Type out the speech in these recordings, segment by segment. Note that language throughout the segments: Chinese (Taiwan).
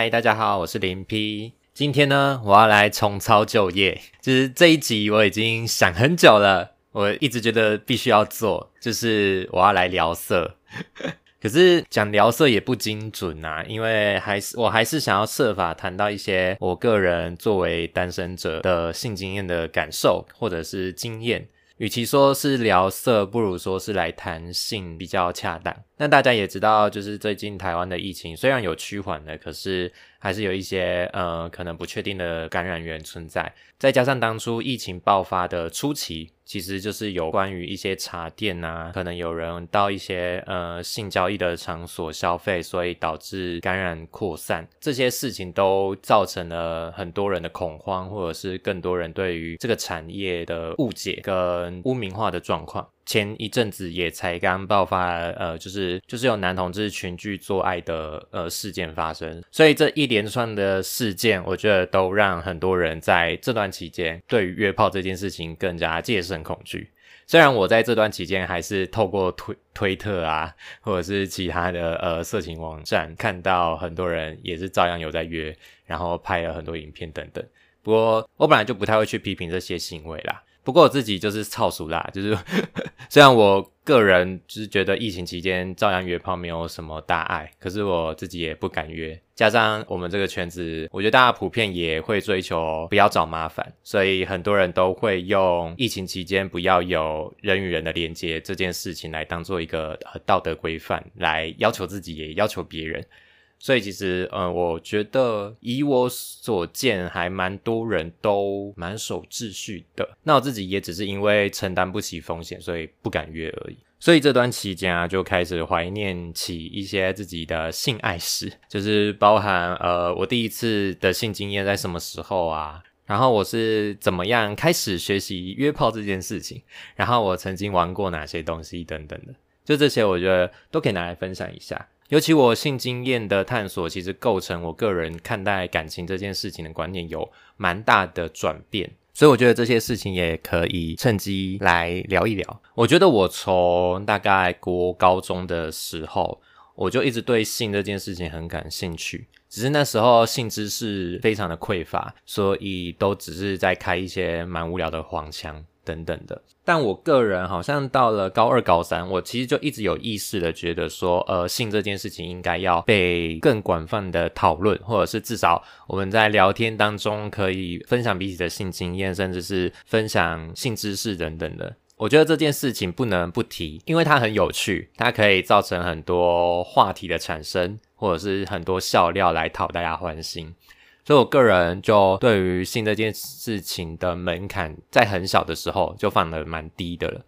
嗨，大家好，我是林 P。今天呢，我要來重操舊業，其實這一集我已經想很久了，我一直覺得必須要做，就是我要來聊色。 可是講聊色也不精準啊，因為還是我還是想要設法談到一些我個人作為單身者的性經驗的感受或者是經驗。與其說是聊色，不如說是來談性比較恰當。那大家也知道，就是最近台灣的疫情雖然有趨緩的，可是還是有一些呃可能不確定的感染源存在。再加上當初疫情爆發的初期，其實就是有關於一些茶店啊，可能有人到一些呃性交易的場所消費，所以導致感染擴散。這些事情都造成了很多人的恐慌，或者是更多人對於這個產業的誤解跟污名化的狀況。前一陣子也才剛爆發，呃，就是就是有男同志群聚做愛的呃事件發生，所以這一連串的事件，我覺得都讓很多人在這段期間對於約炮這件事情更加戒慎恐懼。雖然我在這段期間還是透過推推特啊，或者是其他的呃色情網站，看到很多人也是照樣有在約，然後拍了很多影片等等。不過我本來就不太會去批評這些行為啦。不過我自己就是超熟啦，就是 雖然我個人就是覺得疫情期間照樣約炮沒有什麼大礙，可是我自己也不敢約。加上我們這個圈子，我覺得大家普遍也會追求不要找麻煩，所以很多人都會用疫情期間不要有人與人的連接這件事情來當做一個呃道德規範，來要求自己也要求別人。所以其實，嗯、呃，我覺得以我所見，還蠻多人都蠻守秩序的。那我自己也只是因為承擔不起風險，所以不敢約而已。所以這段期間啊，就開始懷念起一些自己的性愛史，就是包含呃，我第一次的性經驗在什麼時候啊？然後我是怎麼樣開始學習約炮這件事情？然後我曾經玩過哪些東西等等的，就這些，我覺得都可以拿來分享一下。尤其我性經驗的探索，其實構成我個人看待感情這件事情的觀念有蠻大的轉變，所以我覺得這些事情也可以趁機來聊一聊。我覺得我從大概國高中的時候，我就一直對性這件事情很感興趣，只是那時候性知識非常的匱乏，所以都只是在開一些蠻無聊的黃腔。等等的，但我個人好像到了高二、高三，我其實就一直有意識地覺得說，呃，性這件事情應該要被更廣泛的討論，或者是至少我們在聊天當中可以分享彼此的性經驗，甚至是分享性知識等等的。我覺得這件事情不能不提，因為它很有趣，它可以造成很多話題的產生，或者是很多笑料來討大家歡心。所以，我個人就對於性這件事情的門檻，在很小的時候就放得蠻低的了。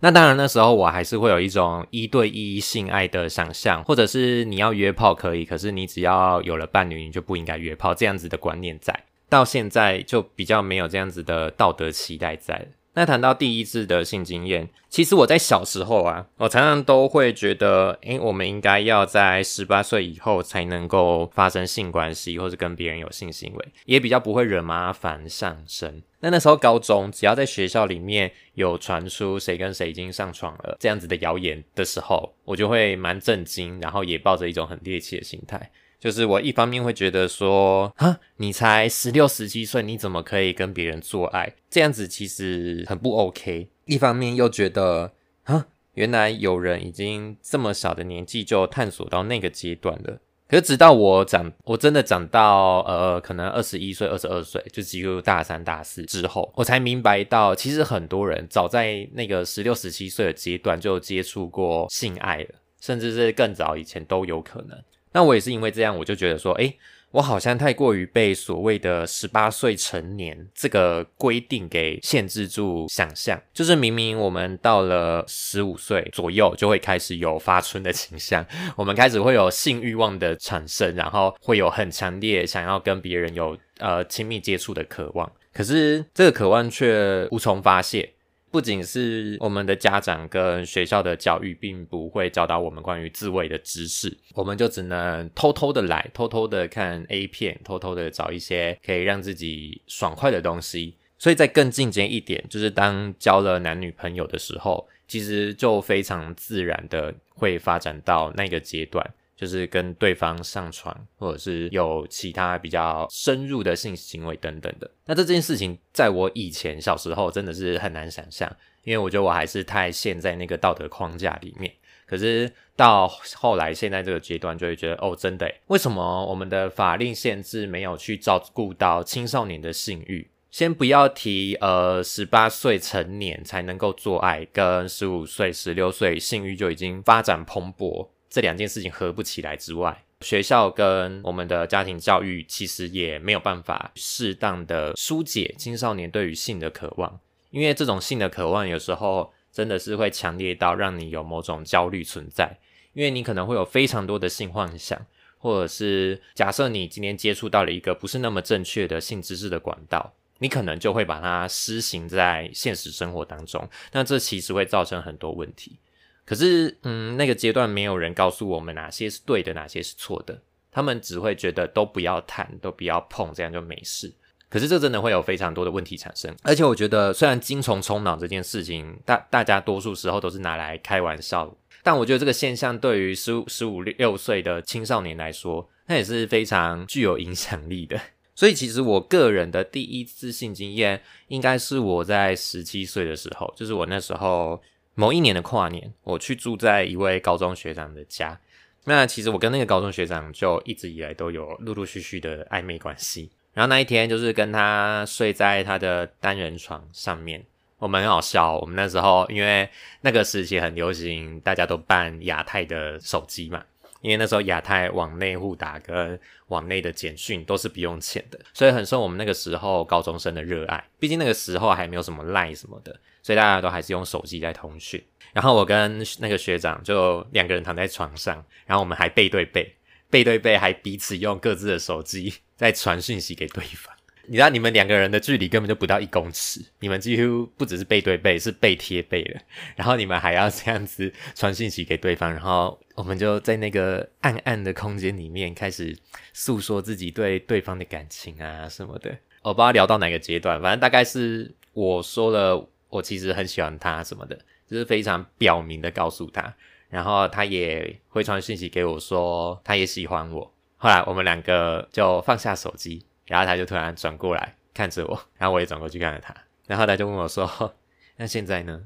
那當然，那時候我還是會有一種一對一性愛的想象，或者是你要約炮可以，可是你只要有了伴侶，你就不應該約炮這樣子的觀念在。到現在就比較沒有這樣子的道德期待在。那談到第一次的性經驗，其實我在小時候啊，我常常都會覺得，誒、欸、我們應該要在十八歲以後才能夠發生性關係，或是跟別人有性行為，也比較不會惹麻煩上身。那那時候高中，只要在學校裡面有傳出誰跟誰已經上床了這樣子的謠言的時候，我就會蠻震驚，然後也抱着一種很獵奇的心態。就是我一方面會覺得說，哈，你才十六十七歲，你怎麼可以跟別人做愛？這樣子其實很不 OK。一方面又覺得，哈，原來有人已經這麼小的年紀就探索到那個階段了。可是直到我長，我真的長到呃，可能二十一歲、二十二歲，就幾乎大三、大四之後，我才明白到，其實很多人早在那個十六十七歲的階段就接觸過性愛了，甚至是更早以前都有可能。那我也是因為這樣，我就覺得說，哎、欸，我好像太過於被所謂的十八歲成年這個規定給限制住想，想象就是明明我們到了十五歲左右就會開始有發春的傾向，我們開始會有性欲望的產生，然後會有很強烈想要跟別人有呃親密接觸的渴望，可是這個渴望卻無從發洩。不僅是我們的家長跟學校的教育，並不會教導我們關於自慰的知識，我們就只能偷偷的來，偷偷的看 A 片，偷偷的找一些可以讓自己爽快的東西。所以再更進階一點，就是當交了男女朋友的時候，其實就非常自然的會發展到那個階段。就是跟對方上床，或者是有其他比較深入的性行為等等的。那這件事情，在我以前小時候真的是很難想象，因為我覺得我還是太陷在那個道德框架裡面。可是到後來，現在這個階段就會覺得，哦，真的耶，為什麼我們的法令限制沒有去照顧到青少年的性欲？先不要提，呃，十八歲成年才能夠做愛，跟十五歲、十六歲性欲就已經發展蓬勃。這兩件事情合不起來之外，學校跟我們的家庭教育其實也沒有辦法適當的疏解青少年對於性的渴望，因為這種性的渴望有時候真的是會強烈到讓你有某種焦慮存在，因為你可能會有非常多的性幻想，或者是假設你今天接觸到了一個不是那麼正確的性知識的管道，你可能就會把它施行在現實生活當中，那這其實會造成很多問題。可是，嗯，那個階段沒有人告訴我們哪些是對的，哪些是錯的。他們只會覺得都不要談，都不要碰，這樣就沒事。可是這真的會有非常多的問題產生。而且我覺得，雖然精蟲衝腦這件事情，大大家多數時候都是拿來開玩笑，但我覺得這個現象對於十五、十五六歲的青少年來說，那也是非常具有影響力的。所以，其實我個人的第一次性經驗，應該是我在十七歲的時候，就是我那時候。某一年的跨年，我去住在一位高中學長的家。那其實我跟那個高中學長就一直以來都有陸陸續續的曖昧關係。然後那一天就是跟他睡在他的單人床上面，我們很好笑哦，我們那時候因為那個時期很流行，大家都辦亞太的手機嘛，因為那時候亞太網內互打跟網內的簡訊都是不用錢的，所以很受我們那個時候高中生的熱愛。畢竟那個時候還沒有什麼賴什麼的。所以大家都還是用手機在通訊，然後我跟那個學長就兩個人躺在床上，然後我們還背對背，背對背還彼此用各自的手機在傳訊息給對方。你知道你們兩個人的距離根本就不到一公尺，你們幾乎不只是背對背，是背貼背的。然後你們還要這樣子傳訊息給對方，然後我們就在那個暗暗的空間裡面開始訴說自己對對方的感情啊什麼的。我不知道聊到哪個階段，反正大概是我說了。我其實很喜歡他什麼的，就是非常表明的告訴他，然後他也會傳訊息給我說他也喜歡我。後來我們兩個就放下手機，然後他就突然轉過來看着我，然後我也轉過去看着他，然後他就問我說：“那現在呢？”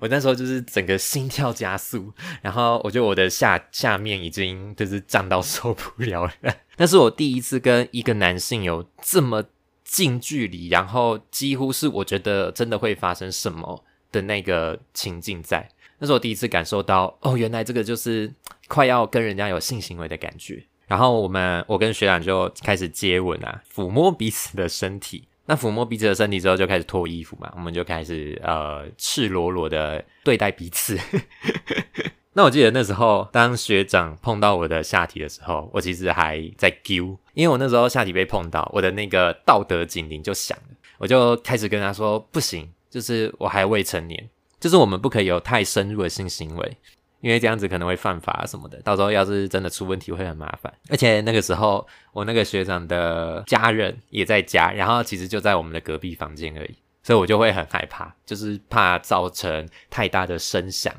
我那時候就是整個心跳加速，然後我覺得我的下下面已經就是脹到受不了了。 那是我第一次跟一個男性有這麼。近距離，然後幾乎是我覺得真的會發生什麼的那個情境在，那是我第一次感受到哦，原來這個就是快要跟人家有性行為的感覺。然後我們我跟學長就開始接吻啊，撫摸彼此的身體。那撫摸彼此的身體之後，就開始脫衣服嘛，我們就開始呃赤裸裸的對待彼此。 那我記得那時候當學長碰到我的下體的時候，我其實還在揪，因為我那時候下體被碰到，我的那個道德警鈴就響了，我就開始跟他說不行，就是我還未成年，就是我們不可以有太深入的性行為，因為這樣子可能會犯法啊什麼的，到時候要是真的出問題會很麻煩。而且那個時候我那個學長的家人也在家，然後其實就在我們的隔壁房間而已，所以我就會很害怕，就是怕造成太大的聲響。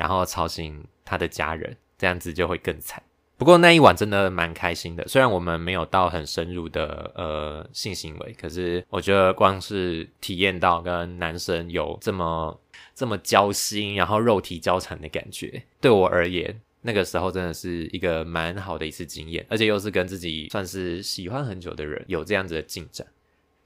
然後吵醒他的家人，這樣子就會更慘。不過那一晚真的蠻開心的，雖然我們沒有到很深入的，呃，性行為，可是我覺得光是體驗到跟男生有這麼，這麼交心，然後肉體交纏的感覺，對我而言，那個時候真的是一個蠻好的一次經驗，而且又是跟自己算是喜歡很久的人有這樣子的進展。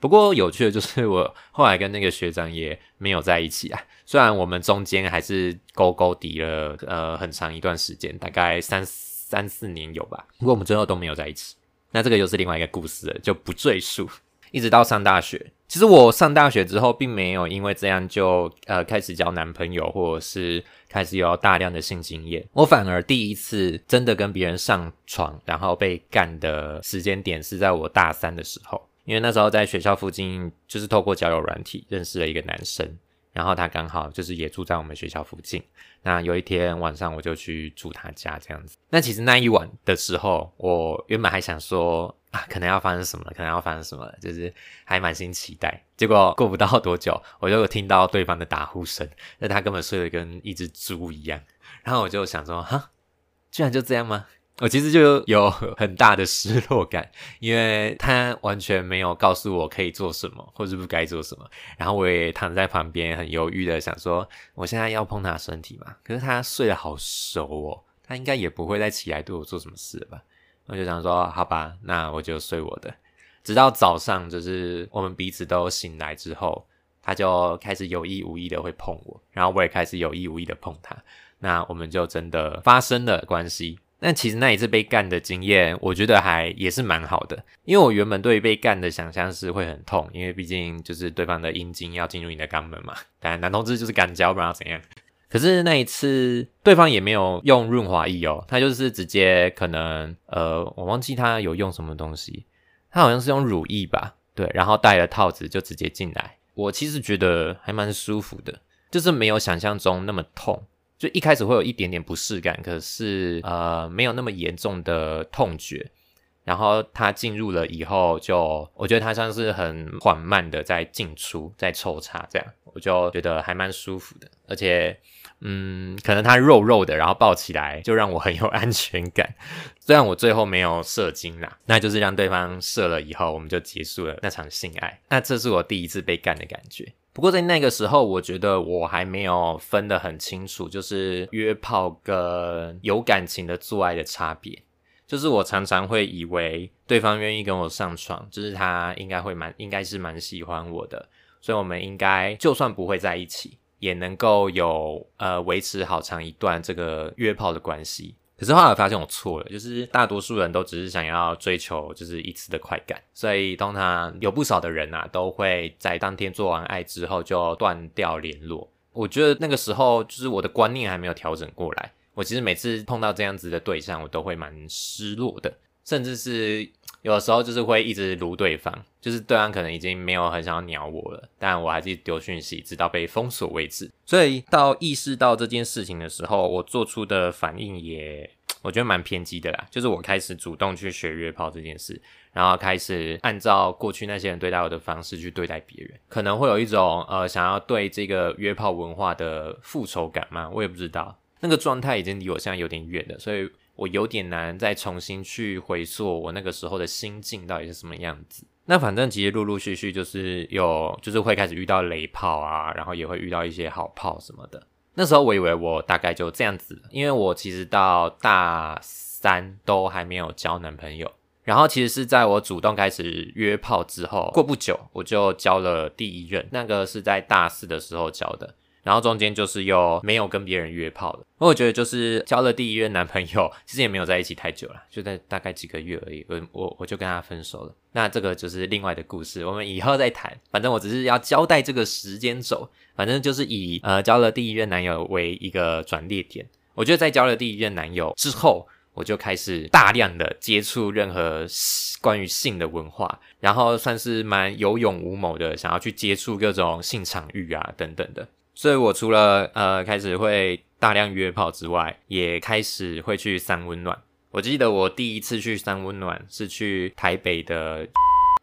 不過有趣的就是，我後來跟那個學長也沒有在一起啊。雖然我們中間還是勾勾敵了，呃，很長一段時間，大概三三四年有吧。不過我們最後都沒有在一起，那這個又是另外一個故事了，就不贅述。一直到上大學，其實我上大學之後，並沒有因為這樣就呃開始交男朋友，或者是開始有大量的性經驗。我反而第一次真的跟別人上床，然後被幹的時間點是在我大三的時候。因為那時候在學校附近，就是透過交友軟體認識了一個男生，然後他剛好就是也住在我們學校附近。那有一天晚上，我就去住他家這樣子。那其實那一晚的時候，我原本還想說啊，可能要發生什麼了，可能要發生什麼，就是還滿心期待。結果過不到多久，我就有聽到對方的打呼聲，那他根本睡得跟一隻豬一樣。然後我就想說，哈，居然就這樣嗎？我其實就有很大的失落感，因為他完全沒有告訴我可以做什麼，或是不該做什麼。然後我也躺在旁邊，很猶豫的想說，我現在要碰他身體嘛？可是他睡得好熟哦，他應該也不會再起來對我做什麼事了吧？我就想說，好吧，那我就睡我的。直到早上，就是我們彼此都醒來之後，他就開始有意無意的會碰我，然後我也開始有意無意的碰他。那我們就真的發生了關係。那其實那一次被幹的經驗，我覺得還也是蠻好的，因為我原本對於被幹的想象是會很痛，因為畢竟就是對方的陰莖要進入你的肛門嘛，當然男同志就是干嚼，不知道怎樣。可是那一次對方也沒有用潤滑液哦，他就是直接可能呃，我忘記他有用什麼東西，他好像是用乳液吧，對，然後戴了套子就直接進來。我其實覺得還蠻舒服的，就是沒有想象中那麼痛。就一開始會有一點點不適感，可是呃沒有那麼嚴重的痛覺，然後他進入了以後就，就我覺得他像是很緩慢的在進出，在抽插這樣，我就覺得還蠻舒服的，而且嗯可能他肉肉的，然後抱起來就讓我很有安全感，雖然我最後沒有射精啦，那就是讓對方射了以後，我們就結束了那場性愛，那這是我第一次被幹的感覺。不過在那個時候，我覺得我還沒有分得很清楚，就是約炮跟有感情的做愛的差別。就是我常常會以為對方願意跟我上床，就是他應該會蠻，應該是蠻喜歡我的，所以我們應該就算不會在一起，也能夠有，呃，維持好長一段這個約炮的關係。可是後來我發現我錯了，就是大多數人都只是想要追求就是一次的快感，所以通常有不少的人吶、啊，都會在當天做完愛之後就斷掉聯絡。我覺得那個時候就是我的觀念還沒有調整過來，我其實每次碰到這樣子的對象，我都會蠻失落的，甚至是。有的時候就是會一直盧對方，就是對方可能已經沒有很想要鳥我了，但我還是丟訊息，直到被封鎖為止。所以到意識到這件事情的時候，我做出的反應也我覺得蠻偏激的啦。就是我開始主動去學約炮這件事，然後開始按照過去那些人對待我的方式去對待別人，可能會有一種呃想要對這個約炮文化的復仇感嘛？我也不知道，那個狀態已經離我現在有點遠了，所以。我有點難再重新去回溯我那個時候的心境到底是什麼樣子。那反正其實陸陸續續就是有，就是會開始遇到雷炮啊，然後也會遇到一些好炮什麼的。那時候我以為我大概就這樣子，因為我其實到大三都還沒有交男朋友。然後其實是在我主動開始約炮之後，過不久我就交了第一任，那個是在大四的時候交的。然後中間就是又沒有跟別人約炮了。那我覺得就是交了第一任男朋友，其實也沒有在一起太久了，就在大概幾個月而已，我我我就跟他分手了。那這個就是另外的故事，我們以後再談。反正我只是要交代這個時間軸，反正就是以呃交了第一任男友為一個轉捩點。我覺得在交了第一任男友之後，我就開始大量的接觸任何關於性的文化，然後算是蠻有勇無謀的，想要去接觸各種性場域啊等等的。所以，我除了呃，開始會大量約炮之外，也開始會去三溫暖。我記得我第一次去三溫暖是去台北的，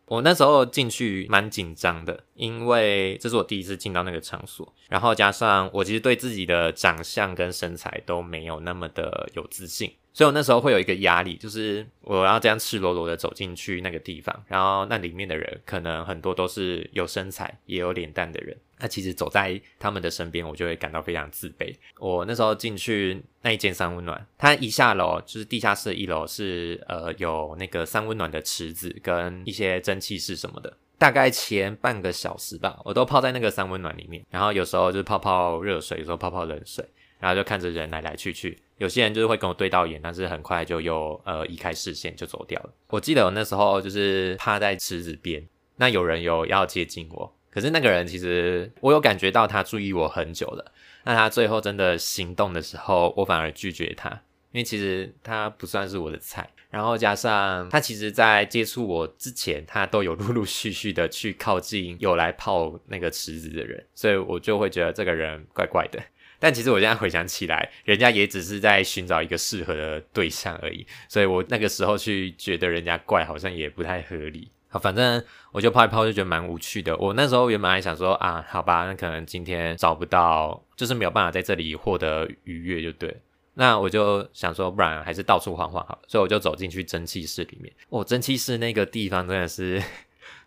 我那時候進去蠻緊張的，因為這是我第一次進到那個場所，然後加上我其實對自己的長相跟身材都沒有那麼的有自信。所以，我那時候會有一個壓力，就是我要這樣赤裸裸的走進去那個地方，然後那裡面的人可能很多都是有身材也有臉蛋的人，那其實走在他們的身邊，我就會感到非常自卑。我那時候進去那一間三溫暖，它一下樓，就是地下室一樓是呃有那個三溫暖的池子跟一些蒸汽室什麼的，大概前半個小時吧，我都泡在那個三溫暖裡面，然後有時候就是泡泡熱水，有時候泡泡冷水。然後就看着人來來去去，有些人就是會跟我對到眼，但是很快就又呃移開視線就走掉了。我記得我那時候就是趴在池子邊，那有人有要接近我，可是那個人其實我有感覺到他注意我很久了。那他最後真的行動的時候，我反而拒絕他，因為其實他不算是我的菜。然後加上他其實在接觸我之前，他都有陸陸續續的去靠近有來泡那個池子的人，所以我就會覺得這個人怪怪的。但其實我現在回想起來，人家也只是在尋找一個適合的對象而已，所以我那個時候去覺得人家怪，好像也不太合理。好，反正我就泡一泡就覺得蠻無趣的。我那時候原本還想說啊，好吧，那可能今天找不到，就是沒有辦法在這裡獲得愉悅就對。那我就想說，不然還是到處晃晃好。所以我就走進去蒸汽室裡面。哦，蒸汽室那個地方真的是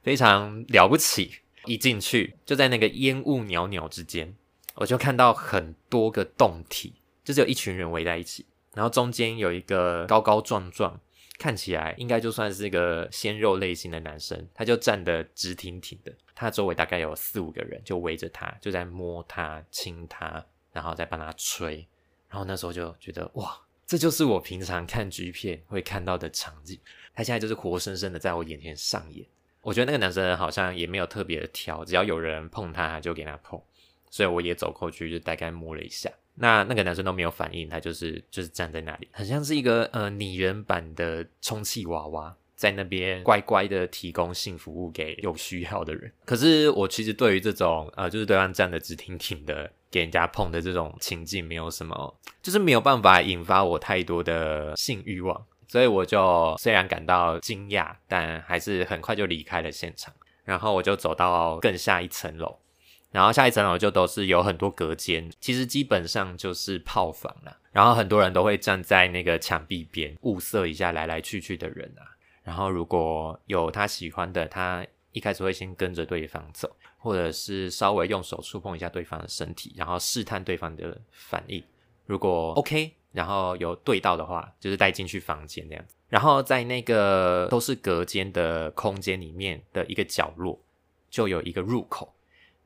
非常了不起，一進去就在那個煙霧裊裊之間。我就看到很多個胴體，就是有一群人圍在一起，然後中間有一個高高壯壯，看起來應該就算是一個鮮肉類型的男生，他就站得直挺挺的，他周圍大概有四五個人就圍着他，就在摸他、親他，然後再幫他吹。然後那時候就覺得，哇，這就是我平常看 G 片會看到的場景，他現在就是活生生的在我眼前上演。我覺得那個男生好像也沒有特別的挑，只要有人碰他，他就給他碰。所以我也走過去，就大概摸了一下。那那個男生都沒有反應，他就是就是站在那裡，很像是一個呃擬人版的充氣娃娃，在那邊乖乖的提供性服務給有需要的人。可是我其實對於這種呃，就是對方站得直挺挺的，給人家碰的這種情境，沒有什麼，就是沒有辦法引發我太多的性欲望。所以我就雖然感到驚訝，但還是很快就離開了現場。然後我就走到更下一層樓。然後下一層樓就都是有很多隔間，其實基本上就是炮房啦。然後很多人都會站在那個牆壁邊物色一下來來去去的人啊。然後如果有他喜歡的，他一開始會先跟着對方走，或者是稍微用手觸碰一下對方的身體，然後試探對方的反應。如果 OK，然後有對到的話，就是帶進去房間那樣，然後在那個都是隔間的空間裡面的一個角落，就有一個入口。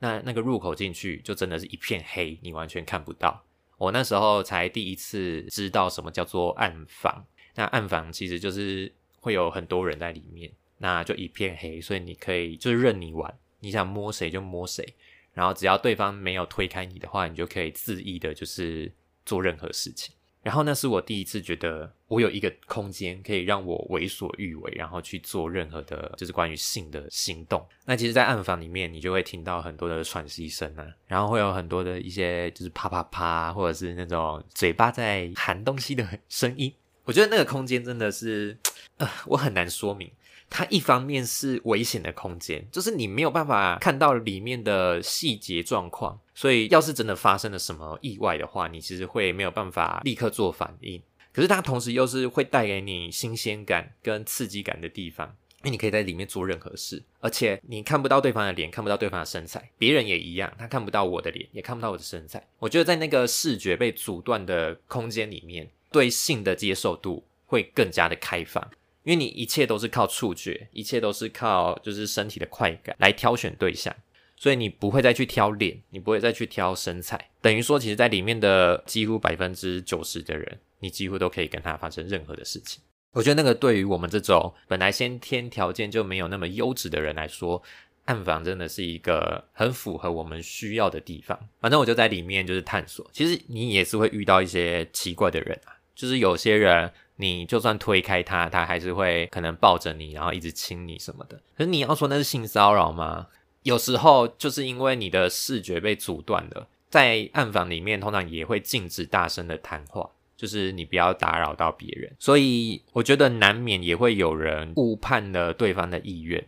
那那個入口進去就真的是一片黑，你完全看不到。我那時候才第一次知道什麼叫做暗房。那暗房其實就是會有很多人在裡面，那就一片黑，所以你可以就是任你玩，你想摸誰就摸誰，然後只要對方沒有推開你的話，你就可以肆意的就是做任何事情。然後那是我第一次覺得我有一個空間可以讓我為所欲為，然後去做任何的，就是關於性的行動。那其實，在暗房裡面，你就會聽到很多的喘息聲啊，然後會有很多的一些，就是啪啪啪，或者是那種嘴巴在含東西的聲音。我覺得那個空間真的是，呃，我很難說明。它一方面是危險的空間，就是你沒有辦法看到裡面的細節狀況，所以要是真的發生了什麼意外的話，你其實會沒有辦法立刻做反應。可是它同時又是會帶給你新鮮感跟刺激感的地方，因為你可以在裡面做任何事，而且你看不到對方的臉，看不到對方的身材，別人也一樣，他看不到我的臉，也看不到我的身材。我覺得在那個視覺被阻斷的空間裡面，對性的接受度會更加的開放。因為你一切都是靠觸覺，一切都是靠就是身體的快感來挑選對象，所以你不會再去挑臉，你不會再去挑身材，等於說，其實，在裡面的幾乎百分之九十的人，你幾乎都可以跟他發生任何的事情。我覺得那個對於我們這種本來先天條件就沒有那麼優質的人來說，暗房真的是一個很符合我們需要的地方。反正我就在裡面就是探索，其實你也是會遇到一些奇怪的人啊，就是有些人。你就算推開他，他還是會可能抱着你，然後一直親你什麼的。可是你要說那是性騷擾嗎？有時候就是因為你的視覺被阻斷了，在暗房裡面通常也會禁止大聲的談話，就是你不要打擾到別人。所以我覺得難免也會有人誤判了對方的意願，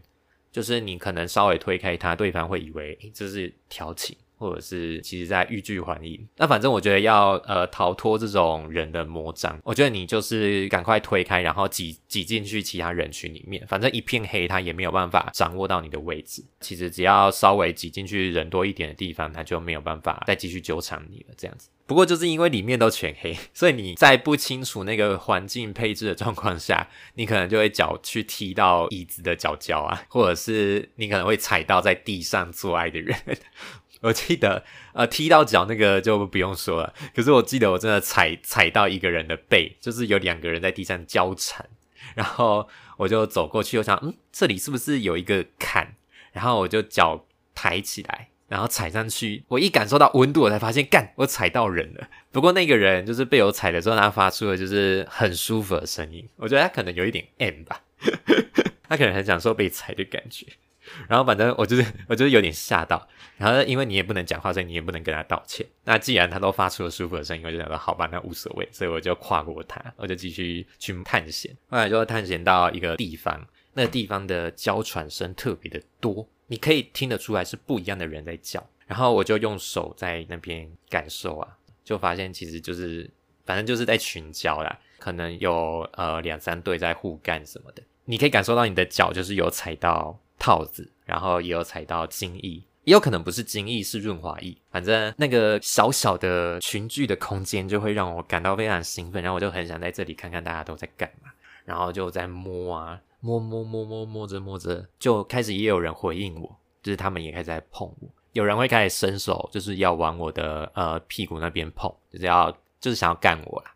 就是你可能稍微推開他，對方會以為，欸，這是調情。或者是其實在欲拒還迎，那反正我覺得要呃逃脫這種人的魔掌，我覺得你就是趕快推開，然後擠擠進去其他人群裡面，反正一片黑，他也沒有辦法掌握到你的位置。其實只要稍微擠進去人多一點的地方，他就沒有辦法再繼續糾纏你了。這樣子，不過就是因為裡面都全黑，所以你在不清楚那個環境配置的狀況下，你可能就會腳去踢到椅子的腳腳啊，或者是你可能會踩到在地上做愛的人。我記得，呃，踢到腳那個就不用說了。可是我記得我真的踩踩到一個人的背，就是有兩個人在地上交纏，然後我就走過去，我想，嗯，這裡是不是有一個坎？然後我就腳抬起來，然後踩上去。我一感受到溫度，我才發現，幹，我踩到人了。不過那個人就是被我踩的時候，他發出的就是很舒服的聲音。我覺得他可能有一點 M 吧， 他可能很想說被踩的感覺。然後反正我就是我就是有點嚇到，然後因為你也不能講話，所以你也不能跟他道歉。那既然他都發出了舒服的聲音，我就想說好吧，那無所謂。所以我就跨過他，我就繼續去探險。後來就探險到一個地方，那個地方的嬌喘聲特別的多，你可以聽得出來是不一樣的人在叫。然後我就用手在那邊感受啊，就發現其實就是反正就是在群交啦，可能有呃兩三對在互幹什麼的，你可以感受到你的腳就是有踩到。套子，然後也有踩到精液，也有可能不是精液，是潤滑液，反正那個小小的群聚的空間就會讓我感到非常興奮，然後我就很想在這裡看看大家都在幹嘛，然後就在摸啊摸，摸摸摸摸摸着摸着就開始也有人回應我，就是他們也開始在碰我，有人會開始伸手就是要往我的呃屁股那邊碰，就是要就是想要幹我啦，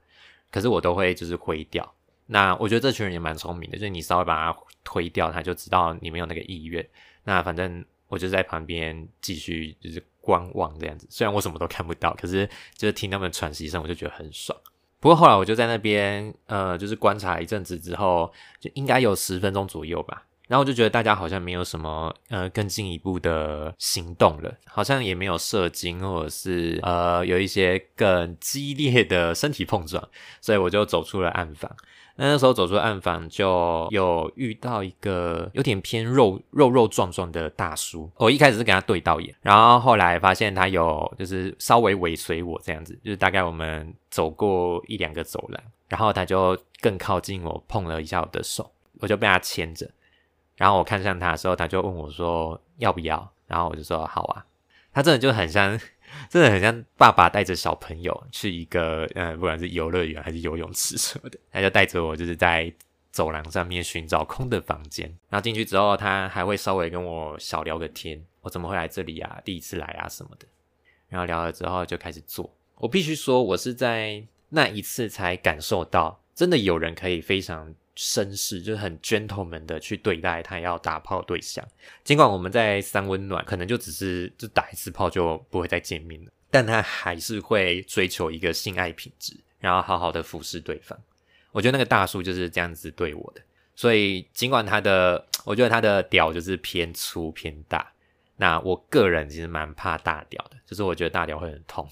可是我都會就是揮掉。那我覺得這群人也蠻聰明的，所以你稍微把它推掉，他就知道你沒有那個意願。那反正我就在旁邊繼續就是觀望這樣子，雖然我什麼都看不到，可是就是聽他們喘息聲，我就覺得很爽。不過後來我就在那邊呃，就是觀察一陣子之後，就應該有十分鐘左右吧。然後我就覺得大家好像沒有什麼呃更進一步的行動了，好像也沒有射精或者是呃有一些更激烈的身體碰撞，所以我就走出了暗房。那時候走出暗房就有遇到一個有點偏肉肉肉壯壯的大叔，我一開始是跟他對到眼，然後後來發現他有就是稍微尾隨我這樣子，就是大概我們走過一兩個走廊，然後他就更靠近我，碰了一下我的手，我就被他牽着，然後我看上他的時候，他就問我說要不要，然後我就說好啊，他真的就很像。真的很像爸爸帶着小朋友去一個呃、嗯，不管是遊樂園還是游泳池什麼的，他就帶着我就是在走廊上面尋找空的房間，然後進去之後，他還會稍微跟我小聊個天，我怎麼會來這裡啊？第一次來啊什麼的，然後聊了之後就開始做。我必須說，我是在那一次才感受到，真的有人可以非常。紳士就是很 gentleman 的去對待他要打炮對象，儘管我們在三溫暖，可能就只是就打一次炮就不會再見面了，但他還是會追求一個性愛品質，然後好好的服侍對方。我覺得那個大叔就是這樣子對我的，所以儘管他的，我覺得他的屌就是偏粗偏大，那我個人其實蠻怕大屌的，就是我覺得大屌會很痛，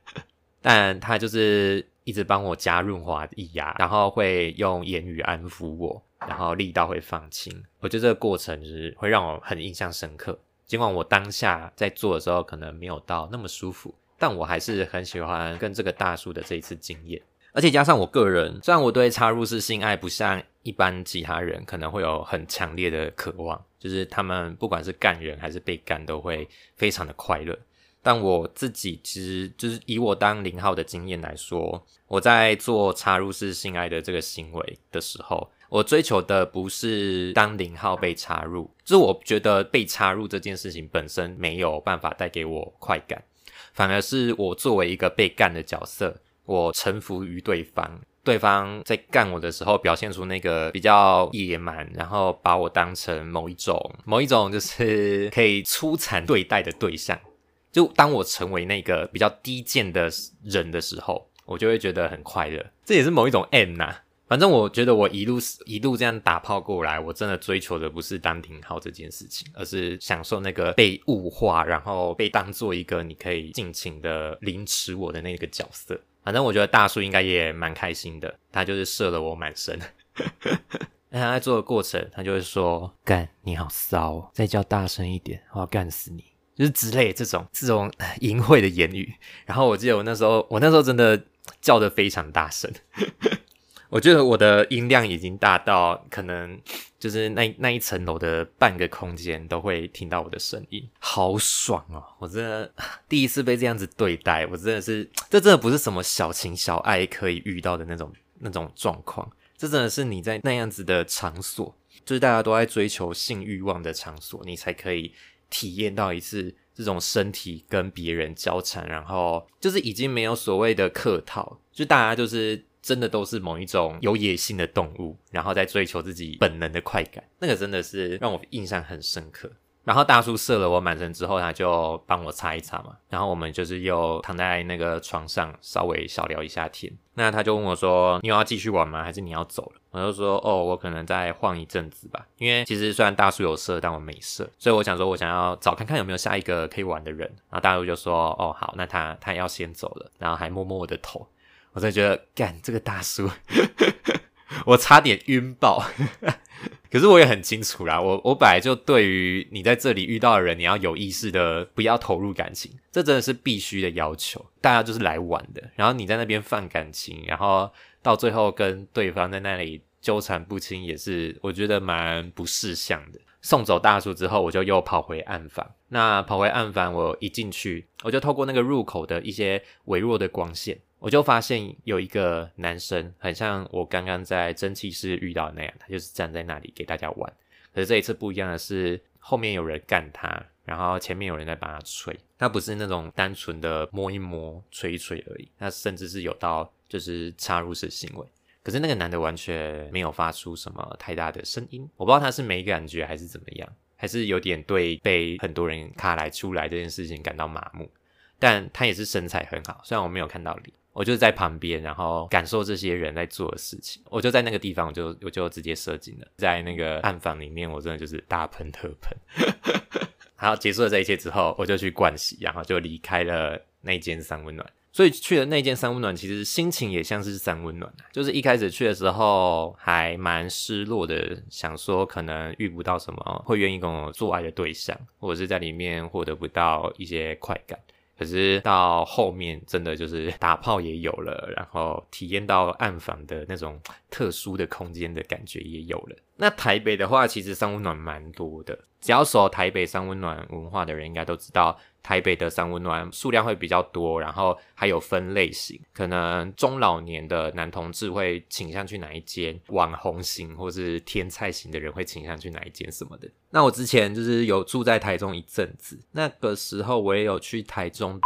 但他就是。一直幫我加潤滑液呀，然後會用言語安撫我，然後力道會放輕。我覺得這個過程是會讓我很印象深刻，儘管我當下在做的時候可能沒有到那麼舒服，但我還是很喜歡跟這個大叔的這一次經驗。而且加上我個人，雖然我對插入式性愛不像一般其他人可能會有很強烈的渴望，就是他們不管是幹人還是被幹都會非常的快樂。但我自己其實就是以我當零號的經驗來說，我在做插入式性愛的這個行為的時候，我追求的不是當零號被插入，就是我覺得被插入這件事情本身沒有辦法帶給我快感，反而是我作為一個被幹的角色，我臣服於對方，對方在幹我的時候表現出那個比較野蠻，然後把我當成某一種某一種就是可以粗殘對待的對象。就當我成為那個比較低賤的人的時候，我就會覺得很快樂。這也是某一種 M 吶、啊。反正我覺得我一路一路這樣打炮過來，我真的追求的不是當頂號這件事情，而是享受那個被物化，然後被當做一個你可以盡情的凌遲我的那個角色。反正我覺得大叔應該也蠻開心的，他就是射了我滿身。呵呵呵。那他在做的過程，他就會說：“幹，你好騷、哦，再叫大聲一點，我要幹死你。”就是之類的這種這種淫穢的言語，然後我記得我那時候，我那時候真的叫得非常大聲， 我覺得我的音量已經大到可能就是那那一層樓的半個空間都會聽到我的聲音，好爽哦！我真的第一次被這樣子對待，我真的是這真的不是什麼小情小愛可以遇到的那種那種狀況，這真的是你在那樣子的場所，就是大家都在追求性欲望的場所，你才可以，體驗到一次這種身體跟別人交纏，然後就是已經沒有所謂的客套，就大家就是真的都是某一種有野性的動物，然後在追求自己本能的快感，那個真的是讓我印象很深刻。然後大叔射了我滿身之後，他就幫我擦一擦嘛，然後我們就是又躺在那個床上稍微小聊一下天。那他就問我說：“你有要繼續玩嗎？還是你要走了？”然後就說哦，我可能再晃一陣子吧，因為其實雖然大叔有射，但我沒射，所以我想說我想要找看看有沒有下一個可以玩的人。然後大叔就說哦好，那他他要先走了，然後還摸摸我的頭，我真的覺得幹這個大叔， 我差點暈爆。 可是我也很清楚啦，我我本來就對於你在這裡遇到的人，你要有意識的不要投入感情，這真的是必須的要求。大家就是來玩的，然後你在那邊放感情，然後到最後跟對方在那裡。糾纏不清也是，我覺得蠻不識相的。送走大叔之後，我就又跑回暗房。那跑回暗房，我一進去，我就透過那個入口的一些微弱的光線，我就發現有一個男生，很像我剛剛在蒸汽室遇到的那樣，他就是站在那裡給大家玩。可是這一次不一樣的是，後面有人幹他，然後前面有人在幫他吹。他不是那種單純的摸一摸、吹一吹而已，他甚至是有到就是插入式行為。可是那個男的完全沒有發出什麼太大的聲音，我不知道他是沒感覺還是怎麼樣，還是有點對被很多人卡來出來這件事情感到麻木。但他也是身材很好，雖然我沒有看到你，我就是在旁邊，然後感受這些人在做的事情。我就在那個地方，我就我就直接射精了，在那個暗房裡面，我真的就是大噴特噴。 好，結束了這一切之後，我就去盥洗，然後就離開了那間三溫暖。所以去的那間三溫暖，其實心情也像是三溫暖，就是一開始去的時候還蠻失落的，想說可能遇不到什麼會願意跟我做愛的對象，或者是在裡面獲得不到一些快感。可是到後面真的就是打炮也有了，然後體驗到暗房的那種特殊的空間的感覺也有了。那台北的話，其實三溫暖蠻多的。只要說台北三溫暖文化的人，應該都知道台北的三溫暖數量會比較多，然後還有分類型。可能中老年的男同志會傾向去哪一間網紅型，或是天菜型的人會傾向去哪一間什麼的。那我之前就是有住在台中一陣子，那個時候我也有去台中，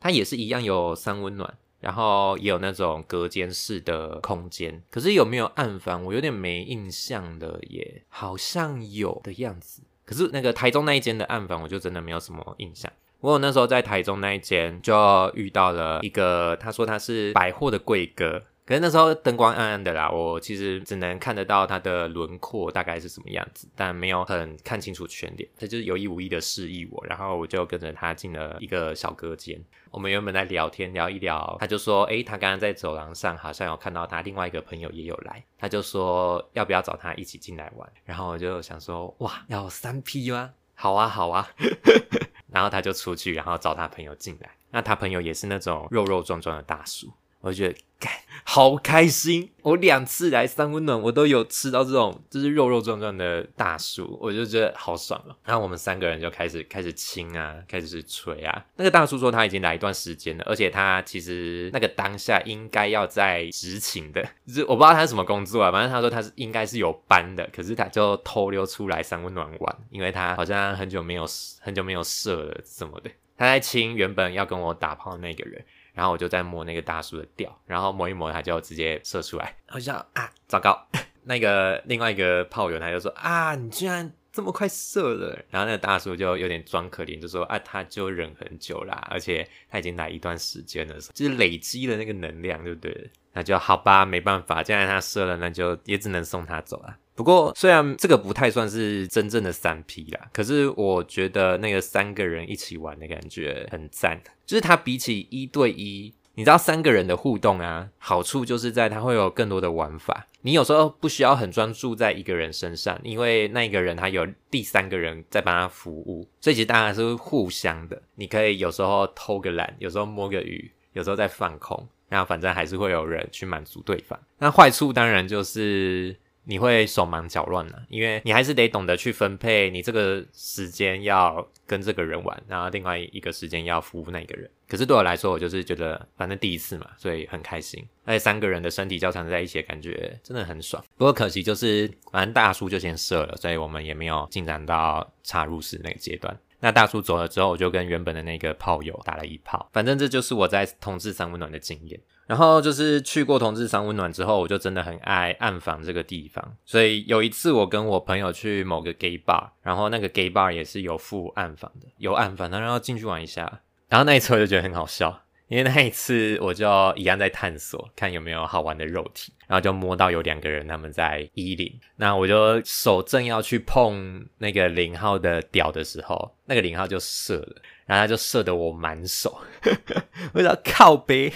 它也是一樣有三溫暖。然後也有那種隔間式的空間，可是有沒有暗房，我有點沒印象了耶，好像有的樣子。可是那個台中那一間的暗房，我就真的沒有什麼印象。我那時候在台中那一間，就遇到了一個，他說他是百貨的櫃哥。可是那時候燈光暗暗的啦，我其實只能看得到他的輪廓大概是什麼樣子，但沒有很看清楚全臉。他就是有意無意的示意我，然後我就跟着他進了一個小隔間。我們原本在聊天聊一聊，他就說：“哎、欸，他剛剛在走廊上好像有看到他另外一個朋友也有來。”他就說：“要不要找他一起進來玩？”然後我就想說：“哇，要三 P 嗎？好啊，好啊。 ”然後他就出去，然後找他朋友進來。那他朋友也是那種肉肉壯壯的大叔。我就覺得感好開心！我兩次來三溫暖，我都有吃到這種就是肉肉壯壯的大叔，我就覺得好爽啊、喔！然後我們三個人就開始開始親啊，開始吹啊。那個大叔說他已經來一段時間了，而且他其實那個當下應該要在執勤的，就是我不知道他是什麼工作啊，反正他說他是應該是有班的，可是他就偷溜出來三溫暖玩，因為他好像很久沒有很久沒有射了什麼的。他在親原本要跟我打炮的那個人。然後我就在摸那個大叔的屌，然後摸一摸，他就直接射出來。好像啊，糟糕！ 那個另外一個炮友他就說啊，你居然這麼快射了。然後那個大叔就有點裝可憐，就說啊，他就忍很久啦、啊，而且他已經來一段時間了，就是累積了那個能量，對不對？那就好吧，沒辦法，既然他射了，那就也只能送他走了、啊。不過雖然這個不太算是真正的三 P 啦，可是我覺得那個三個人一起玩的感覺很讚。就是它比起一對一，你知道三個人的互動啊，好處就是在它會有更多的玩法。你有時候不需要很專注在一個人身上，因為那一個人他有第三個人在幫他服務，所以其實大家是互相的。你可以有時候偷個懶，有時候摸個魚，有時候在放空，那反正還是會有人去滿足對方。那壞處當然就是。你會手忙腳亂的、啊，因為你還是得懂得去分配你這個時間，要跟這個人玩，然後另外一個時間要服務那個人。可是對我來說，我就是覺得反正第一次嘛，所以很開心，而且三個人的身體交纏在一起，感覺真的很爽。不過可惜就是，反正大叔就先射了，所以我們也沒有進展到插入式那個階段。那大叔走了之後，我就跟原本的那個炮友打了一炮。反正這就是我在同志三溫暖的經驗。然後就是去過同志三溫暖之後，我就真的很愛暗房這個地方。所以有一次我跟我朋友去某個 gay bar，然後那個 gay bar 也是有附暗房的，有暗房，他然後進去玩一下。然後那一次我就覺得很好笑。因為那一次我就一樣在探索，看有沒有好玩的肉體，然後就摸到有兩個人他們在一零，那我就手正要去碰那個零號的屌的時候，那個零號就射了，然後他就射得我滿手，呵呵，我講靠北，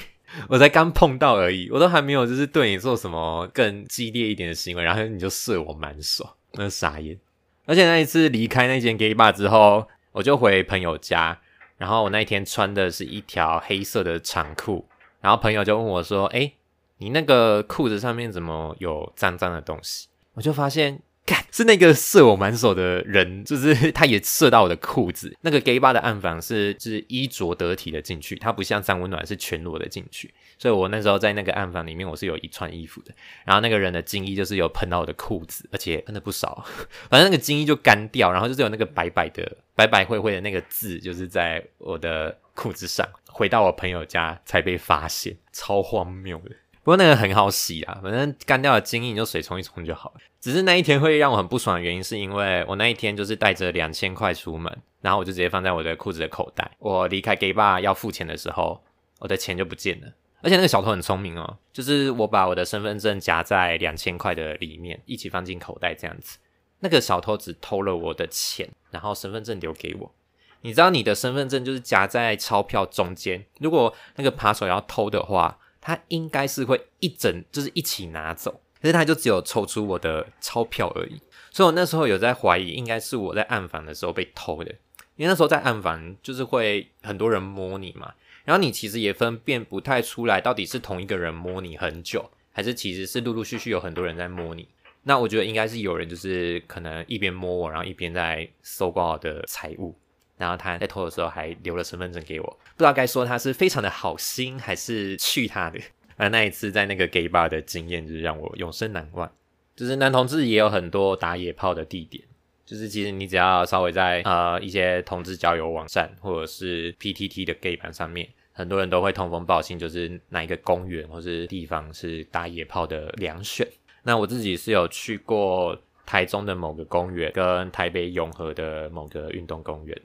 我才剛碰到而已，我都還沒有就是對你做什麼更激烈一點的行為，然後你就射我滿手，那傻眼。而且那一次離開那間 gay bar 之後，我就回朋友家。然後我那一天穿的是一條黑色的長褲，然後朋友就問我說：“誒，你那個褲子上面怎麼有髒髒的東西？”我就發現。看，是那個射我滿手的人，就是他也射到我的褲子。那個 gay 吧的暗房是，就是衣着得體的進去，他不像三溫暖是全裸的進去，所以我那時候在那個暗房裡面，我是有一串衣服的。然後那個人的精液就是有噴到我的褲子，而且噴的不少，反正那個精液就乾掉，然後就是有那個白白的、白白灰灰的那個字，就是在我的褲子上。回到我朋友家才被發現，超荒謬的。不過那個很好洗啊，反正乾掉的金印就水沖一沖就好了。只是那一天會讓我很不爽的原因，是因為我那一天就是帶着兩千塊出門，然後我就直接放在我的褲子的口袋。我離開 gay bar 要付錢的時候，我的錢就不見了。而且那個小偷很聰明哦，就是我把我的身份證夾在兩千塊的裡面，一起放進口袋這樣子。那個小偷只偷了我的錢，然後身份證留給我。你知道你的身份證就是夾在鈔票中間，如果那個扒手要偷的話。他應該是會一整就是一起拿走，可是他就只有抽出我的鈔票而已，所以我那時候有在懷疑，應該是我在暗房的時候被偷的，因為那時候在暗房就是會很多人摸你嘛，然後你其實也分辨不太出來到底是同一個人摸你很久，還是其實是陸陸續續有很多人在摸你，那我覺得應該是有人就是可能一邊摸我，然後一邊在搜刮我的財物。然後他在偷的時候還留了身份證給我，不知道該說他是非常的好心還是去他的。那那一次在那個 gay bar 的經驗就是讓我永生難忘。就是男同志也有很多打野炮的地點，就是其實你只要稍微在呃一些同志交友網站或者是 PTT 的 gay 版上面，很多人都會通風報信，就是哪一個公園或是地方是打野炮的良選。那我自己是有去過。台中的某個公園跟台北永和的某個運動公園，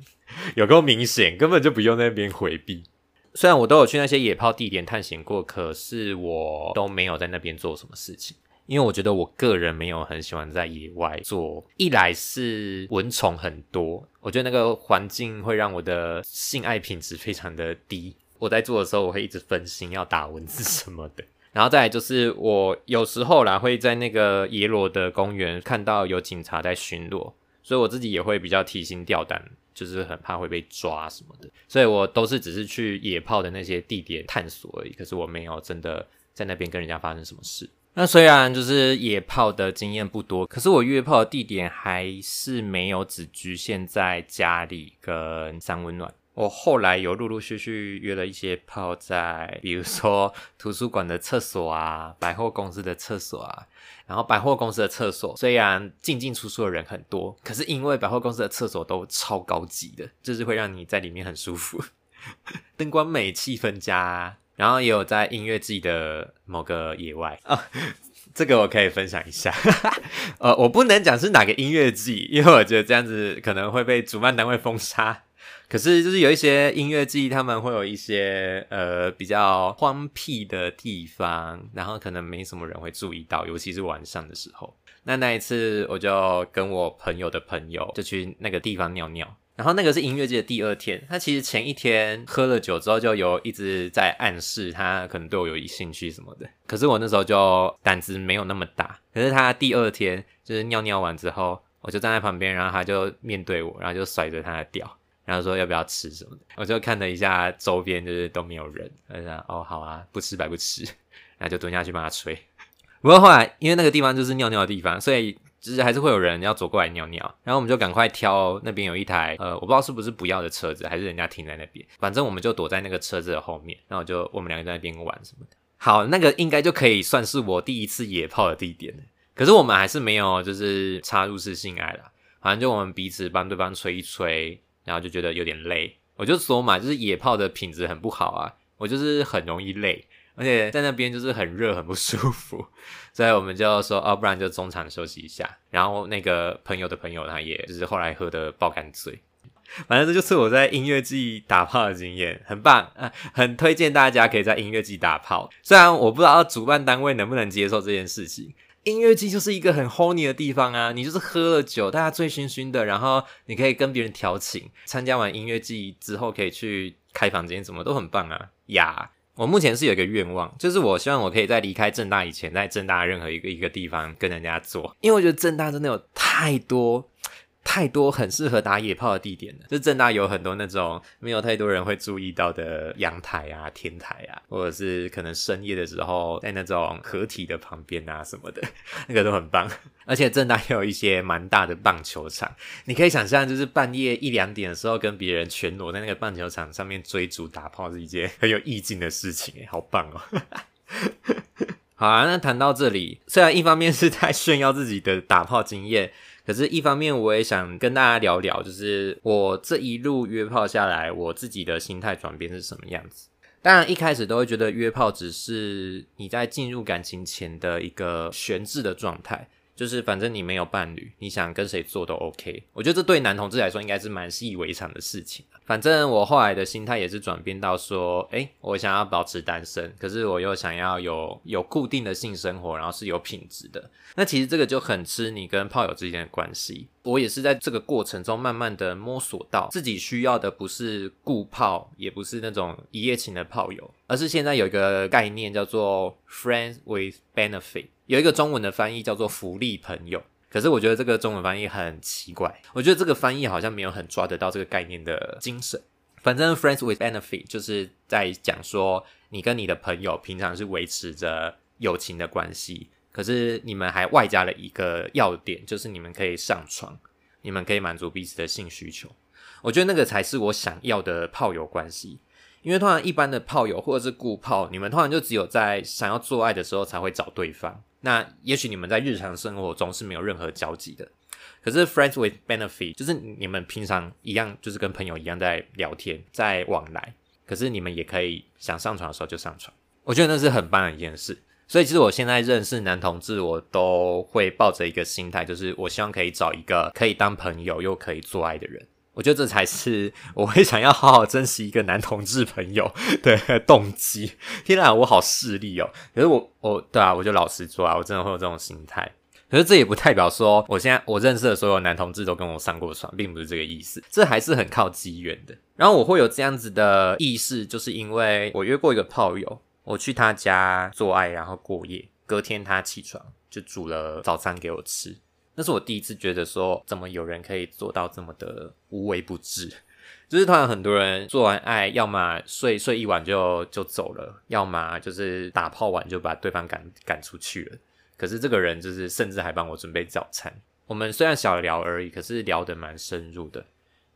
有夠明顯，根本就不用在那邊迴避。雖然我都有去那些野炮地點探險過，可是我都沒有在那邊做什麼事情，因為我覺得我個人沒有很喜歡在野外做，一來是蚊蟲很多，我覺得那個環境會讓我的性愛品質非常的低，我在做的時候我會一直分心要打蚊子什麼的。然後再來就是我有時候啦，會在那個野裸的公園看到有警察在巡邏，所以我自己也會比較提心吊膽，就是很怕會被抓什麼的。所以我都是只是去野炮的那些地點探索而已，可是我沒有真的在那邊跟人家發生什麼事。那雖然就是野炮的經驗不多，可是我約炮的地點還是沒有只局限在家裡跟三溫暖。我後來有陸陸續續約了一些炮在，比如說圖書館的廁所啊，百貨公司的廁所啊。然後百貨公司的廁所雖然進進出出的人很多，可是因為百貨公司的廁所都超高級的，就是會讓你在裡面很舒服，燈 光美、氣氛佳。然後也有在音樂季的某個野外啊，這個我可以分享一下。 呃，我不能講是哪個音樂季，因為我覺得這樣子可能會被主辦單位封殺。可是就是有一些音樂季，他們會有一些呃比較荒僻的地方，然後可能沒什麼人會注意到，尤其是晚上的時候。那那一次我就跟我朋友的朋友就去那個地方尿尿，然後那個是音樂季的第二天，他其實前一天喝了酒之後就有一直在暗示他可能對我有興趣什麼的。可是我那時候就膽子沒有那麼大。可是他第二天就是尿尿完之後，我就站在旁邊，然後他就面對我，然後就甩着他的屌。然後說要不要吃什麼的，我就看了一下周邊，就是都沒有人我就，我想哦好啊，不吃白不吃，那就蹲下去幫他吹。不過後來因為那個地方就是尿尿的地方，所以就是還是會有人要走過來尿尿，然後我們就趕快挑那邊有一台呃我不知道是不是不要的車子，還是人家停在那邊，反正我們就躲在那個車子的後面，然後就我們兩個在那邊玩什麼的。好，那個應該就可以算是我第一次野炮的地點了。可是我們還是沒有就是插入式性愛了，反正就我們彼此幫對方吹一吹。然後就覺得有點累，我就說嘛，就是野炮的品質很不好啊，我就是很容易累，而且在那邊就是很熱很不舒服，所以我們就要說哦，不然就中場休息一下。然後那個朋友的朋友他也就是後來喝的爆幹醉。反正這就是我在音樂季打炮的經驗，很棒啊，很推薦大家可以在音樂季打炮，雖然我不知道主辦單位能不能接受這件事情。音樂季就是一個很 horny 的地方啊，你就是喝了酒，大家醉醺醺的，然後你可以跟別人調情，參加完音樂季之後可以去開房間，什麼都很棒啊呀！Yeah. 我目前是有一個願望，就是我希望我可以在離開政大以前，在政大任何一個一個地方跟人家做，因為我覺得政大真的有太多。太多很適合打野炮的地點了，就政大有很多那種沒有太多人會注意到的陽台啊、天台啊，或者是可能深夜的時候在那種河堤的旁邊啊什麼的，那個都很棒。而且政大也有一些蠻大的棒球場，你可以想象，就是半夜一兩點的時候跟別人全裸在那個棒球場上面追逐打炮是一件很有意境的事情，好棒哦！ 好啊，那談到這裡，雖然一方面是在炫耀自己的打炮經驗。可是，一方面我也想跟大家聊聊，就是我這一路約炮下來，我自己的心態轉變是什麼樣子。當然，一開始都會覺得約炮只是你在進入感情前的一個懸置的狀態，就是反正你沒有伴侶，你想跟誰做都 OK。我覺得這對男同志來說應該是蠻習以為常的事情。反正我後來的心態也是轉變到說，誒，欸，我想要保持單身，可是我又想要有有固定的性生活，然後是有品質的。那其實這個就很吃你跟炮友之間的關係。我也是在這個過程中慢慢的摸索到，自己需要的不是固炮，也不是那種一夜情的炮友，而是現在有一個概念叫做 friends with benefit，有一個中文的翻譯叫做福利朋友。可是我覺得這個中文翻譯很奇怪，我覺得這個翻譯好像沒有很抓得到這個概念的精神。反正 Friends With Benefits 就是在講說，你跟你的朋友平常是維持着友情的關係，可是你們還外加了一個要點，就是你們可以上床，你們可以滿足彼此的性需求。我覺得那個才是我想要的炮友關係，因為通常一般的炮友或者是固炮，你們通常就只有在想要做愛的時候才會找對方。那也許你們在日常生活中是沒有任何交集的，可是 Friends With Benefits 就是你們平常一樣，就是跟朋友一樣在聊天，在往來，可是你們也可以想上床的時候就上床，我覺得那是很棒的一件事。所以其實我現在認識男同志，我都會抱着一個心態，就是我希望可以找一個可以當朋友又可以做愛的人。我覺得這才是我會想要好好珍惜一個男同志朋友的動機。天哪，我好勢利哦！可是我，我對啊，我就老實說啊，我真的會有這種心態。可是這也不代表說我現在我認識的所有男同志都跟我上過床，並不是這個意思。這還是很靠機緣的。然後我會有這樣子的意識，就是因為我約過一個炮友，我去他家做愛，然後過夜，隔天他起床就煮了早餐給我吃。那是我第一次覺得說，怎麼有人可以做到這麼的無微不至？就是突然很多人做完愛，要麼睡睡一晚就就走了，要麼就是打炮完就把對方趕趕出去了。可是這個人就是甚至還幫我準備早餐。我們雖然小聊而已，可是聊得蠻深入的，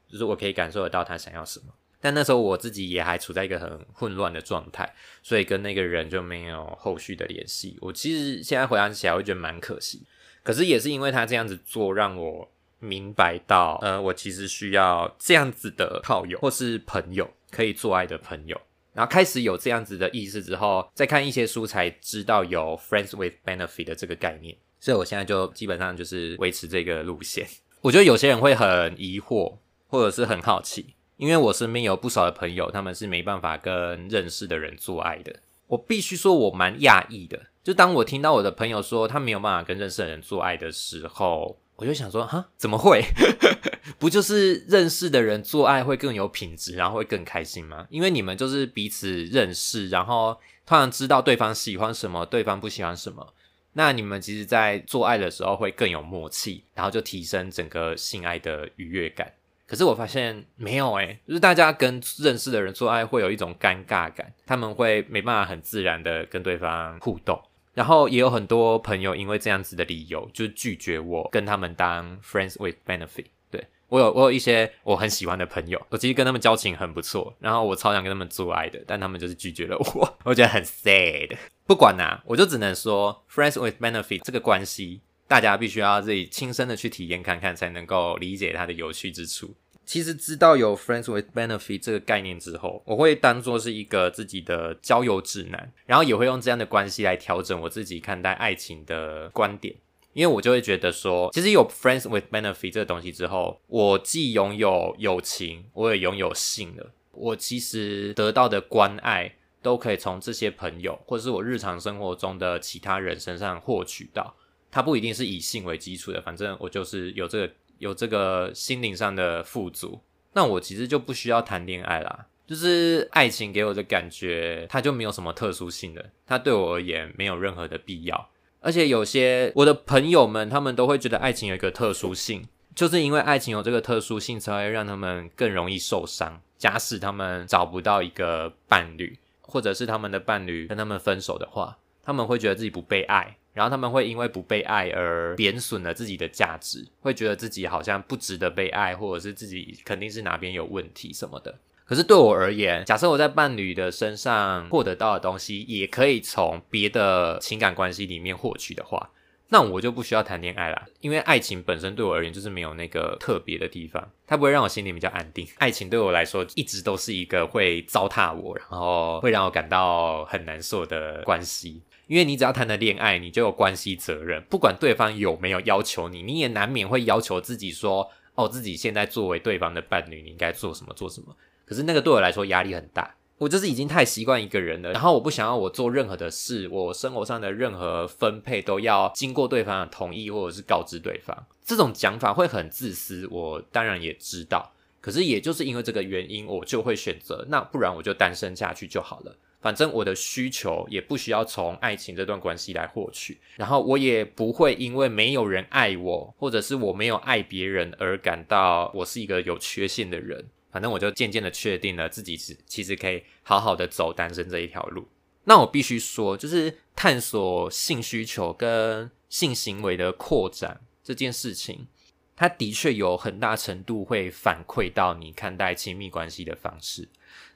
就是我可以感受得到他想要什麼。但那時候我自己也還處在一個很混亂的狀態，所以跟那個人就沒有後續的聯繫。我其實現在回想起來，我覺得蠻可惜。可是也是因為他這樣子做，讓我明白到，呃，我其實需要這樣子的炮友或是朋友，可以做愛的朋友。然後開始有這樣子的意識之後，再看一些書才知道有 friends with benefit 的這個概念。所以我現在就基本上就是維持這個路線。我覺得有些人會很疑惑，或者是很好奇，因為我身邊有不少的朋友，他們是沒辦法跟認識的人做愛的。我必須說，我蠻訝異的。就當我聽到我的朋友說他沒有辦法跟認識的人做愛的時候，我就想說：哈，怎麼會？ 不就是認識的人做愛會更有品質，然後會更開心嗎？因為你們就是彼此認識，然後突然知道對方喜歡什麼，對方不喜歡什麼，那你們其實，在做愛的時候會更有默契，然後就提升整個性愛的愉悅感。可是我發現沒有欸，就是大家跟認識的人做愛會有一種尷尬感，他們會沒辦法很自然的跟對方互動。然後也有很多朋友因為這樣子的理由，就拒絕我跟他們當 friends with benefit。對，我有我有一些我很喜歡的朋友，我其實跟他們交情很不錯，然後我超想跟他們做愛的，但他們就是拒絕了我，我覺得很 sad。不管啦，我就只能說 friends with benefit 這個關係。大家必須要自己親身的去體驗看看，才能夠理解它的有趣之處。其實知道有 friends with benefit 這個概念之後，我會當做是一個自己的交友指南，然後也會用這樣的關係來調整我自己看待愛情的觀點。因為我就會覺得說，其實有 friends with benefit 這個東西之後，我既擁有友情，我也擁有性了。我其實得到的關愛都可以從這些朋友或是我日常生活中的其他人身上獲取到。他不一定是以性為基礎的，反正我就是有這個有這個心靈上的富足，那我其實就不需要談戀愛啦。就是愛情給我的感覺，它就沒有什麼特殊性的，它對我而言沒有任何的必要。而且有些我的朋友們，他們都會覺得愛情有一個特殊性，就是因為愛情有這個特殊性，才會讓他們更容易受傷，假使他們找不到一個伴侶，或者是他們的伴侶跟他們分手的話，他們會覺得自己不被愛。然後他們會因為不被愛而貶損了自己的價值，會覺得自己好像不值得被愛，或者是自己肯定是哪邊有問題什麼的。可是對我而言，假設我在伴侶的身上獲得到的東西，也可以從別的情感關係裡面獲取的話，那我就不需要談戀愛啦，因為愛情本身對我而言就是沒有那個特別的地方，它不會讓我心裡比較安定。愛情對我來說一直都是一個會糟蹋我，然後會讓我感到很難受的關係。因為你只要談了戀愛，你就有關係責任，不管對方有沒有要求你，你也難免會要求自己說：“哦，我自己現在作為對方的伴侶，你應該做什麼，做什麼。”可是那個對我來說壓力很大，我就是已經太習慣一個人了。然後我不想要我做任何的事，我生活上的任何分配都要經過對方的同意，或者是告知對方。這種講法會很自私，我當然也知道。可是也就是因為這個原因，我就會選擇那不然我就單身下去就好了。反正我的需求也不需要從愛情這段關係來獲取，然後我也不會因為沒有人愛我，或者是我沒有愛別人而感到我是一個有缺陷的人。反正我就漸漸的確定了自己是其實可以好好的走單身這一條路。那我必須說，就是探索性需求跟性行為的擴展這件事情，它的確有很大程度會反饋到你看待親密關係的方式。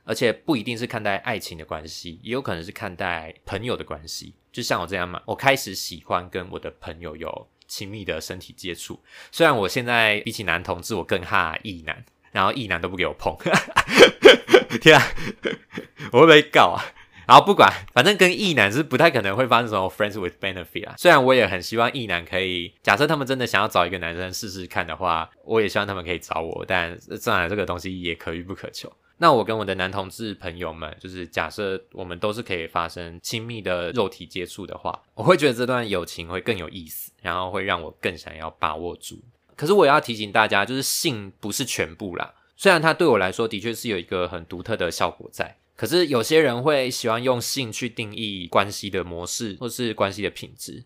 而且不一定是看待愛情的關係，也有可能是看待朋友的關係。就像我這樣嘛，我開始喜歡跟我的朋友有親密的身體接觸。雖然我現在比起男同志，我更怕異男，然後異男都不給我碰。 天啊，我會不會告啊？然後不管，反正跟異男是不太可能會發生什麼 friends with benefit 啊。雖然我也很希望異男可以，假設他們真的想要找一個男生試試看的話，我也希望他們可以找我。但雖然，這個東西也可遇不可求。那我跟我的男同志朋友們，就是假設我們都是可以發生親密的肉體接觸的話，我會覺得這段友情會更有意思，然後會讓我更想要把握住。可是我要提醒大家，就是性不是全部啦。雖然它對我來說的確是有一個很獨特的效果在，可是有些人會喜歡用性去定義關係的模式或是關係的品質。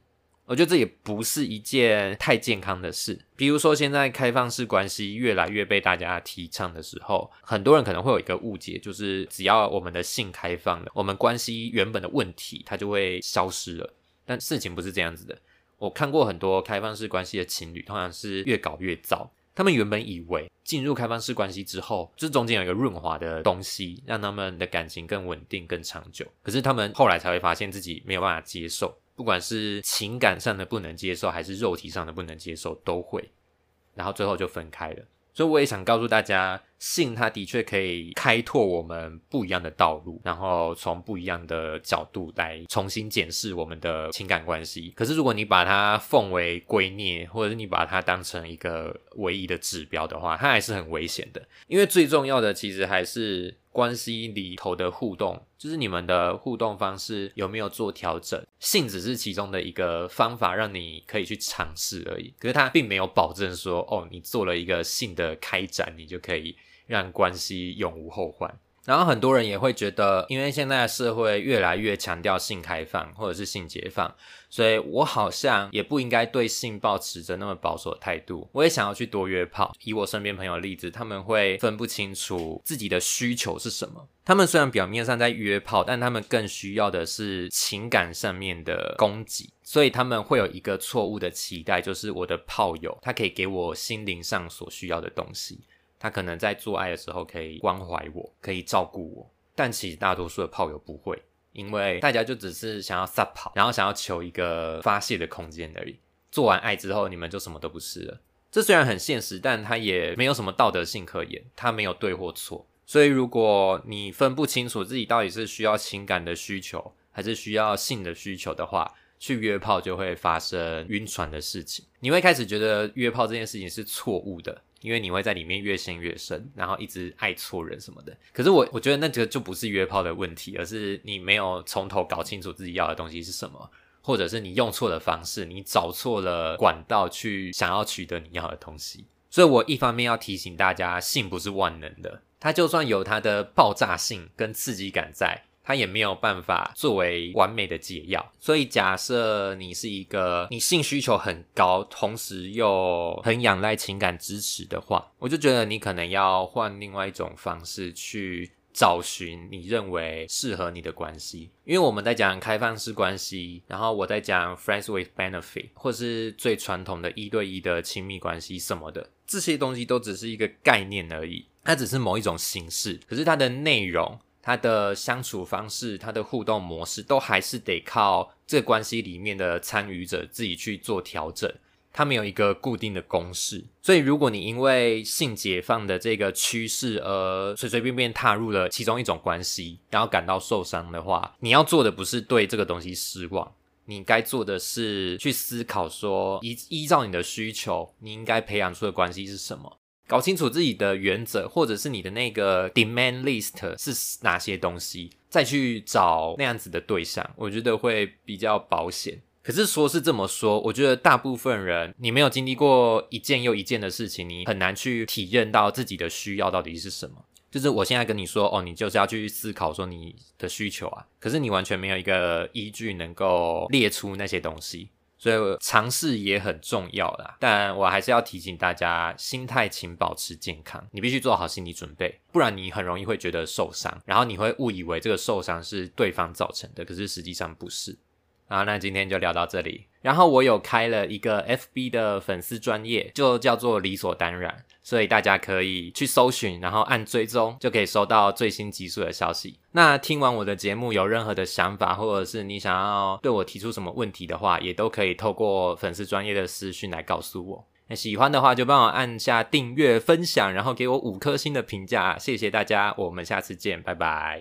我覺得這也不是一件太健康的事。比如說，現在開放式關係越來越被大家提倡的時候，很多人可能會有一個誤解，就是只要我們的性開放了，我們關係原本的問題它就會消失了。但事情不是這樣子的。我看過很多開放式關係的情侶，通常是越搞越糟。他們原本以為進入開放式關係之後，這中間有一個潤滑的東西，讓他們的感情更穩定、更長久。可是他們後來才會發現自己沒有辦法接受。不管是情感上的不能接受，還是肉體上的不能接受，都會，然後最後就分開了。所以我也想告訴大家，性它的確可以開拓我們不一樣的道路，然後從不一樣的角度來重新檢視我們的情感關係。可是如果你把它奉為圭臬，或者是你把它當成一個唯一的指標的話，它還是很危險的。因為最重要的其實還是。關係裡頭的互動，就是你們的互動方式有沒有做調整？性只是其中的一個方法，讓你可以去嘗試而已。可是它並沒有保證說，哦，你做了一個性的開展，你就可以讓關係永無後患。然後很多人也會覺得，因為現在的社會越來越強調性開放或者是性解放，所以我好像也不應該對性抱持着那麼保守的態度。我也想要去多約炮。以我身邊朋友的例子，他們會分不清楚自己的需求是什麼。他們雖然表面上在約炮，但他們更需要的是情感上面的供給，所以他們會有一個錯誤的期待，就是我的炮友他可以給我心靈上所需要的東西。他可能在做愛的時候可以關懷我，可以照顧我，但其實大多數的炮友不會，因為大家就只是想要撒跑，然後想要求一個發洩的空間而已。做完愛之後，你們就什麼都不是了。這雖然很現實，但他也沒有什麼道德性可言，他沒有對或錯。所以，如果你分不清楚自己到底是需要情感的需求，還是需要性的需求的話，去約炮就會發生暈船的事情。你會開始覺得約炮這件事情是錯誤的。因為你會在裡面越陷越深，然後一直愛錯人什麼的。可是我我覺得那個就不是約炮的問題，而是你沒有從頭搞清楚自己要的東西是什麼，或者是你用錯的方式，你找錯了管道去想要取得你要的東西。所以，我一方面要提醒大家，性不是萬能的，它就算有它的爆炸性跟刺激感在。它也沒有辦法作為完美的解藥，所以假設你是一個你性需求很高，同時又很仰賴情感支持的話，我就覺得你可能要換另外一種方式去找尋你認為適合你的關係。因為我們在講開放式關係，然後我在講 Friends With Benefit，或是最傳統的一對一的親密關係什麼的，這些東西都只是一個概念而已，它只是某一種形式，可是它的內容。他的相處方式、他的互動模式，都還是得靠這關係裡面的參與者自己去做調整。他沒有一個固定的公式，所以如果你因為性解放的這個趨勢而隨隨便便踏入了其中一種關係，然後感到受傷的話，你要做的不是對這個東西失望，你該做的是去思考說，依依照你的需求，你應該培養出的關係是什麼？搞清楚自己的原則，或者是你的那個 demand list 是哪些東西，再去找那樣子的對象，我覺得會比較保險。可是說是這麼說，我覺得大部分人你沒有經歷過一件又一件的事情，你很難去體驗到自己的需要到底是什麼。就是我現在跟你說，哦，你就是要去思考說你的需求啊，可是你完全沒有一個依據能夠列出那些東西。所以嘗試也很重要啦，但我還是要提醒大家，心態請保持健康，你必須做好心理準備，不然你很容易會覺得受傷，然後你會誤以為這個受傷是對方造成的，可是實際上不是。好，那今天就聊到這裡。然後我有開了一個 FB 的粉絲專頁，就叫做理所當然，所以大家可以去搜尋，然後按追蹤，就可以收到最新急速的消息。那聽完我的節目有任何的想法，或者是你想要對我提出什麼問題的話，也都可以透過粉絲專頁的私訊來告訴我。那喜歡的話就幫我按下訂閱、分享，然後給我五顆星的評價，謝謝大家，我們下次見，拜拜。